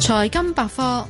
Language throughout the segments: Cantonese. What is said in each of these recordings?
財金百貨。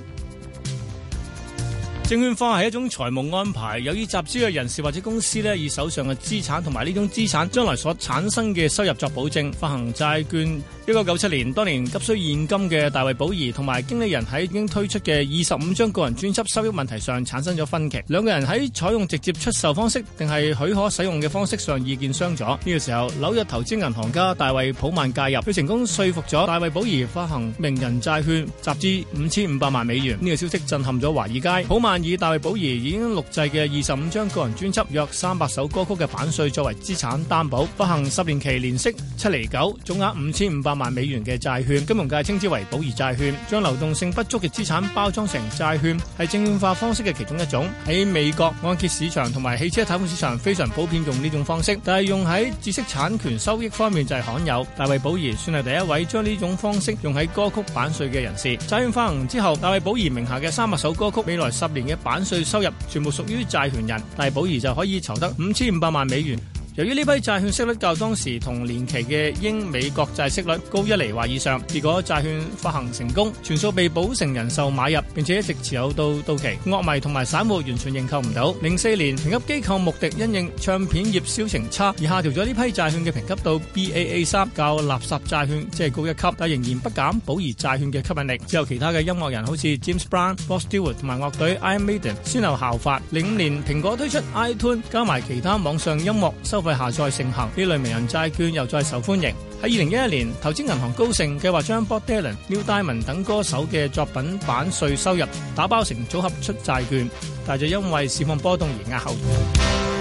證券化係一種財務安排，有意集資嘅人士或者公司以手上嘅資產同埋呢種資產將來所產生嘅收入作保證，發行債券。一九九七年，當年急需現金嘅大衛寶兒同埋經理人喺已經推出嘅二十五張個人專輯收益問題上產生咗分歧，兩個人喺採用直接出售方式定係許可使用嘅方式上意見相左。呢、這個時候，紐約投資銀行家大衛普曼介入，佢成功說服咗大衛寶兒發行名人債券，集資五千五百萬美元。呢、這個消息震撼咗華爾街，普曼。以大衛寶兒已經錄製嘅二十五張個人專輯、約三百首歌曲嘅版稅作為資產擔保，發行十年期年息七厘九、總額五千五百萬美元嘅債券，金融界稱之為寶兒債券。將流動性不足嘅資產包裝成債券，係證券化方式嘅其中一種。喺美國按揭市場同埋汽車貸款市場非常普遍用呢種方式，但係用喺知識產權收益方面就係罕有。大衛寶兒算係第一位將呢種方式用喺歌曲版稅嘅人士。債券發行之後，大衛寶兒名下嘅三百首歌曲，未來十年。嘅版稅收入全部屬於債權人，大寶兒就可以籌得五千五百萬美元。由於呢批債券息率較當時同年期嘅英美國債息率高一釐或以上，結果債券發行成功，全數被保誠人壽買入，並且一直持有到到期。樂迷同埋散戶完全認購唔到。零四年評級機構穆迪因應唱片業銷情差，而下調咗呢批債券嘅評級到 BAA 三，較垃圾債券即係高一級，但仍然不減寶兒債券嘅吸引力。之後其他嘅音樂人好似 James Brown、Rod Stewart 同埋樂隊 Iron Maiden 先後效法。零五年蘋果推出 iTunes，加埋其他網上音樂收。付費下載盛行，呢類名人債券又再受歡迎。喺二零一一年，投資銀行高盛計劃將 Bob Dylan、Neil Diamond 等歌手嘅作品版稅收入打包成組合出債券，但就因為市況波動而壓後。